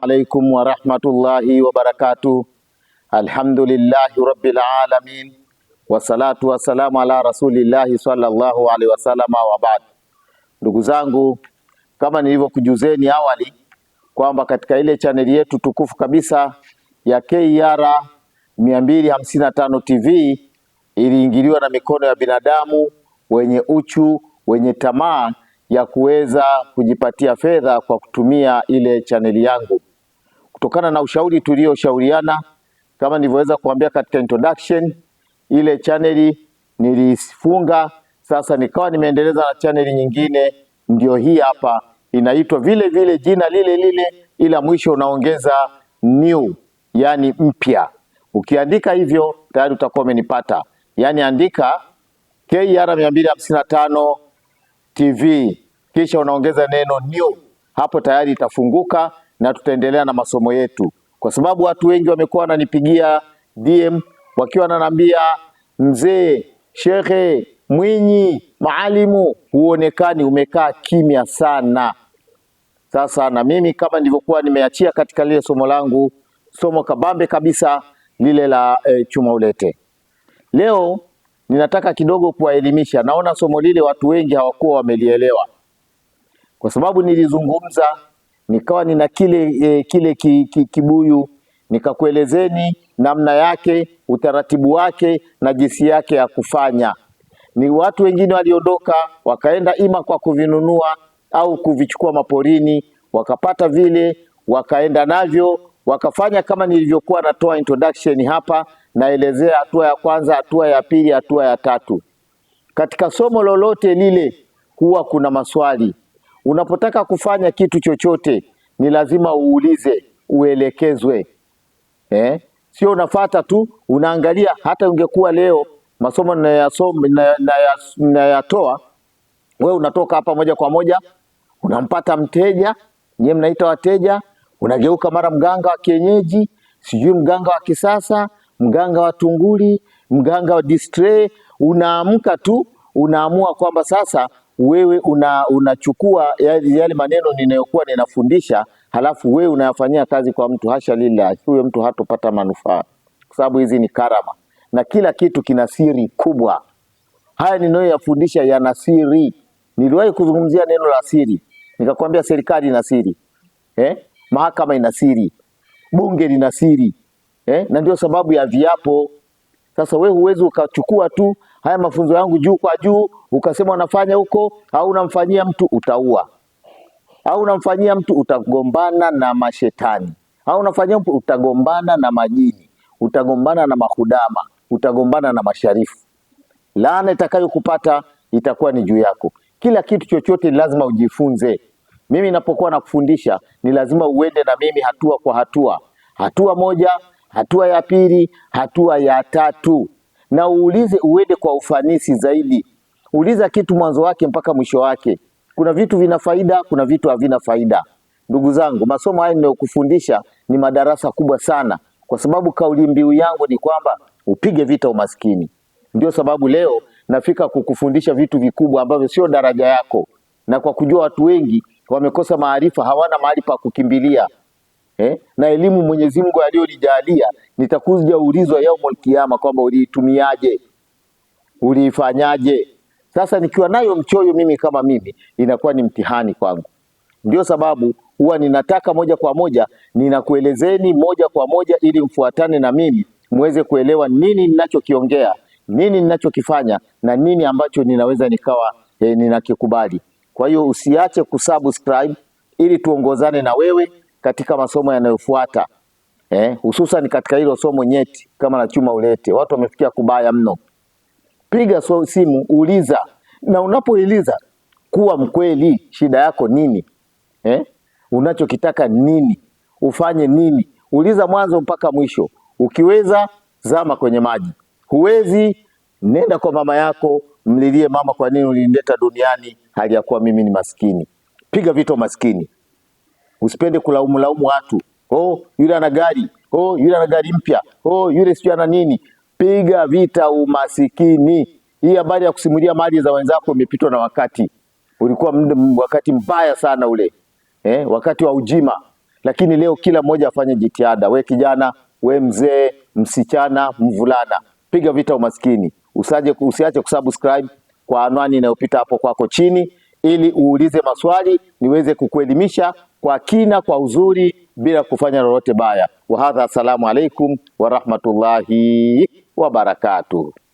alaikum warahmatullahi wabarakatuh. Alhamdulillahi rabbil alamin wassalatu wassalamu ala rasulillahi sallallahu alaihi wasallam wa baad. Ndugu zangu, kama nilivyokujuzeni awali kwamba katika ile chaneli yetu tukufu kabisa ya KR 255 TV iliingiliwa na mikono ya binadamu wenye uchu, wenye tamaa ya kuweza kujipatia fedha kwa kutumia ile chaneli yangu kutokana na ushauri tulioshauriana, kama nilivyoweza kuambia katika introduction, ile chaneli nilifunga, sasa nikawa nimeendeleza na chaneli nyingine, ndio hii hapa, inaitwa vile vile jina lile lile, ila mwisho unaongeza new, yani mpya. Ukiandika hivyo tayari utakuwa umenipata, yani andika KR 255 TV kisha unaongeza neno new, hapo tayari itafunguka na tutaendelea na masomo yetu, kwa sababu watu wengi wamekuwa wananipigia DM wakiwa wananiambia, mzee shekhe Mwinyi maalimu, huonekani, umekaa kimya sana. Sasa na mimi kama nilivyokuwa nimeachia katika lile somo langu, somo kabambe kabisa lile la e, chuma ulete, leo ninataka kidogo kuwaelimisha. Naona somo lile watu wengi hawakuwa wamelielewa, kwa sababu nilizungumza nikawa nina kile e, kile ki, ki, kibuyu nikakuelezeni namna yake, utaratibu wake na jinsi yake ya kufanya. Ni watu wengine waliondoka wakaenda ima kwa kuvinunua au kuvichukua maporini, wakapata vile wakaenda navyo wakafanya kama nilivyokuwa natoa introduction hapa, naelezea hatua ya kwanza, hatua ya pili, hatua ya tatu. Katika somo lolote lile huwa kuna maswali. Unapotaka kufanya kitu chochote ni lazima uulize, uelekezwe eh? Sio unafata tu unaangalia. Hata ungekuwa leo masomo ninayatoa, we unatoka hapa moja kwa moja unampata mteja, nyie mnaita wateja, unageuka mara mganga wa kienyeji, sijui mganga wa kisasa, mganga wa tunguli, mganga wa distray, Unaamka tu unaamua kwamba sasa wewe una, unachukua yale maneno ninayokuwa ninafundisha, halafu wewe unayafanyia kazi kwa mtu, hasha lillah, huyo mtu hatopata manufaa, kwa sababu hizi ni karama na kila kitu kina siri kubwa. Haya ninayoyafundisha yana siri. Niliwahi kuzungumzia neno la siri, nikakwambia serikali ina siri eh? mahakama ina siri, bunge lina siri eh? na ndio sababu ya viapo sasa we huwezi ukachukua tu haya mafunzo yangu juu kwa juu ukasema unafanya huko, au unamfanyia mtu utaua, au unamfanyia mtu utagombana na mashetani, au unafanyia mtu utagombana na majini, utagombana na mahudama, utagombana na masharifu. Laana itakayokupata itakuwa ni juu yako. Kila kitu chochote ni lazima ujifunze. Mimi napokuwa nakufundisha, ni lazima uende na mimi hatua kwa hatua, hatua moja hatua ya pili, hatua ya tatu, na uulize uende kwa ufanisi zaidi. Uliza kitu mwanzo wake mpaka mwisho wake. Kuna vitu vina faida, kuna vitu havina faida. Ndugu zangu, masomo haya ninayokufundisha ni madarasa kubwa sana, kwa sababu kauli mbiu yangu ni kwamba upige vita umaskini. Ndio sababu leo nafika kukufundisha vitu vikubwa ambavyo sio daraja yako, na kwa kujua watu wengi wamekosa maarifa, hawana mahali pa kukimbilia, eh? na elimu Mwenyezi Mungu aliyonijalia nitakuja ulizwa yaumul kiyama kwamba uliitumiaje, uliifanyaje. Sasa nikiwa nayo mchoyo mimi kama mimi, inakuwa ni mtihani kwangu. Ndio sababu huwa ninataka moja kwa moja ninakuelezeni moja kwa moja, ili mfuatane na mimi muweze kuelewa nini ninachokiongea, nini ninachokifanya na nini ambacho ninaweza nikawa eh, ninakikubali. Kwa hiyo usiache kusubscribe ili tuongozane na wewe katika masomo yanayofuata eh, hususan katika hilo somo nyeti kama la chuma ulete. Watu wamefikia kubaya mno. Piga so simu, uliza, na unapoiliza kuwa mkweli. Shida yako nini eh? Unachokitaka nini? Ufanye nini? Uliza mwanzo mpaka mwisho. Ukiweza zama kwenye maji, huwezi nenda kwa mama yako, mlilie mama, kwa nini ulinileta duniani hali ya kuwa mimi ni maskini? Piga vito maskini. Usipende laumu watu, oh, yule ana gari oh, yule ana gari mpya oh, yule sijui ana nini. Piga vita umasikini. Hii habari ya kusimulia mali za wenzako imepitwa na wakati, ulikuwa wakati mbaya sana ule eh, wakati wa ujima. Lakini leo kila mmoja afanye jitihada, we kijana, we mzee, msichana, mvulana, piga vita umasikini. Usaje, usiache kusubscribe kwa anwani inayopita hapo kwako chini ili uulize maswali niweze kukuelimisha kwa kina, kwa uzuri, bila kufanya lolote baya. Wahadha, assalamu alaikum warahmatullahi wabarakatuh.